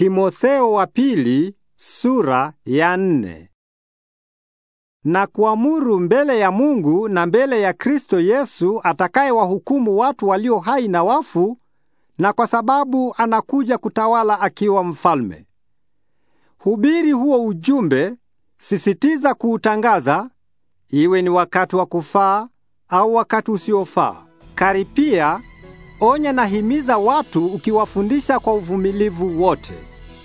Timotheo wa pili sura ya nne. Na kuamuru mbele ya Mungu na mbele ya Kristo Yesu atakayewahukumu watu walio hai na wafu, na kwa sababu anakuja kutawala akiwa mfalme. Hubiri huo ujumbe, sisitiza kuutangaza, iwe ni wakati wa kufaa au wakati usiofaa. Karipia, onya na himiza watu ukiwafundisha kwa uvumilivu wote.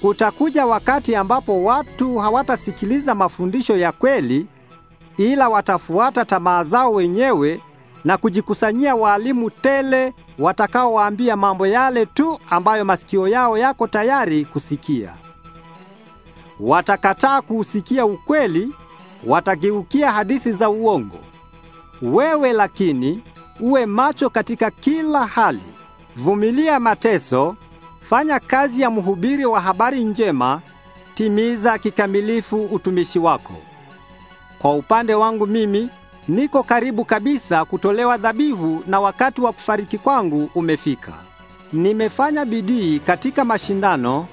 Kutakuja wakati ambapo watu hawatasikiliza mafundisho ya kweli, ila watafuata tamaa zao wenyewe na kujikusanyia waalimu tele watakaowaambia mambo yale tu ambayo masikio yao yako tayari kusikia. Watakataa kuusikia ukweli, watageukia hadithi za uongo. Wewe lakini uwe macho katika kila hali, vumilia mateso Fanya kazi ya mhubiri wa habari njema, timiza kikamilifu utumishi wako. Kwa upande wangu mimi niko karibu kabisa kutolewa dhabihu na wakati wa kufariki kwangu umefika. Nimefanya bidii katika mashindano,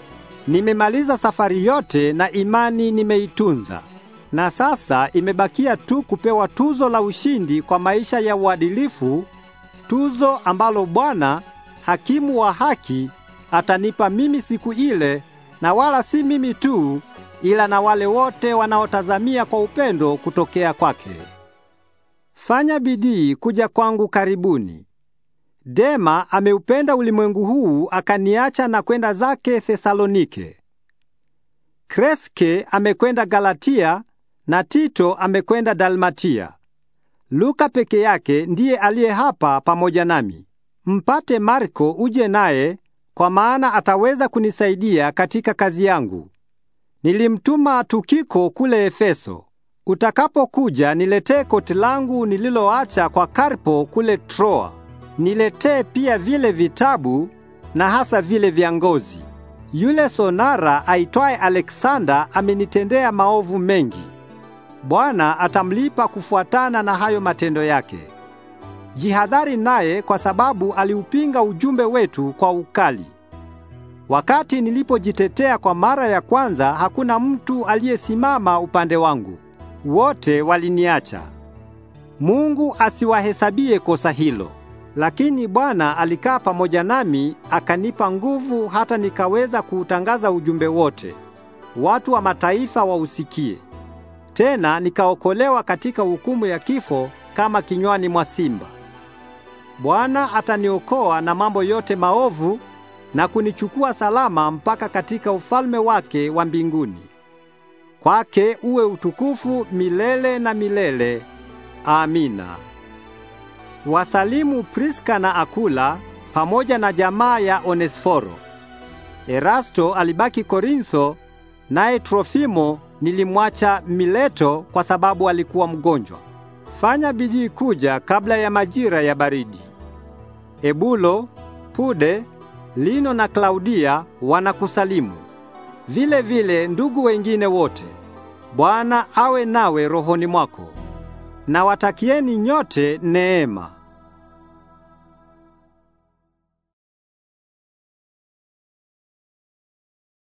nimemaliza safari yote na imani nimeitunza. Na sasa imebakia tu kupewa tuzo la ushindi kwa maisha ya uadilifu, tuzo ambalo Bwana hakimu wa haki atanipa mimi siku ile, na wala si mimi tu, ila na wale wote wanaotazamia kwa upendo kutokea kwake. Fanya bidii kuja kwangu karibuni. Dema ameupenda ulimwengu huu akaniacha na kwenda zake Thesalonike. Kreske amekwenda Galatia na Tito amekwenda Dalmatia. Luka peke yake ndiye aliye hapa pamoja nami. Mpate Marko uje naye kwa maana ataweza kunisaidia katika kazi yangu. Nilimtuma Tukiko kule Efeso. Utakapokuja niletee koti langu nililoacha kwa Karpo kule Troa. Niletee pia vile vitabu na hasa vile vya ngozi. Yule sonara aitwaye Alexander amenitendea maovu mengi. Bwana atamlipa kufuatana na hayo matendo yake. Jihadhari naye kwa sababu aliupinga ujumbe wetu kwa ukali. Wakati nilipojitetea kwa mara ya kwanza, hakuna mtu aliyesimama upande wangu. Wote waliniacha. Mungu asiwahesabie kosa hilo. Lakini Bwana alikaa pamoja nami akanipa nguvu hata nikaweza kuutangaza ujumbe wote. Watu wa mataifa wausikie. Tena nikaokolewa katika hukumu ya kifo kama kinywani mwa simba. Bwana ataniokoa na mambo yote maovu na kunichukua salama mpaka katika ufalme wake wa mbinguni. Kwake uwe utukufu milele na milele. Amina. Wasalimu Priska na Akula pamoja na jamaa ya Onesforo. Erasto alibaki Korintho, naye Trofimo nilimwacha Mileto kwa sababu alikuwa mgonjwa. Fanya bidii kuja kabla ya majira ya baridi. Ebulo, Pude, Lino na Klaudia wanakusalimu. Vile vile ndugu wengine wote. Bwana awe nawe rohoni mwako. Na watakieni nyote neema.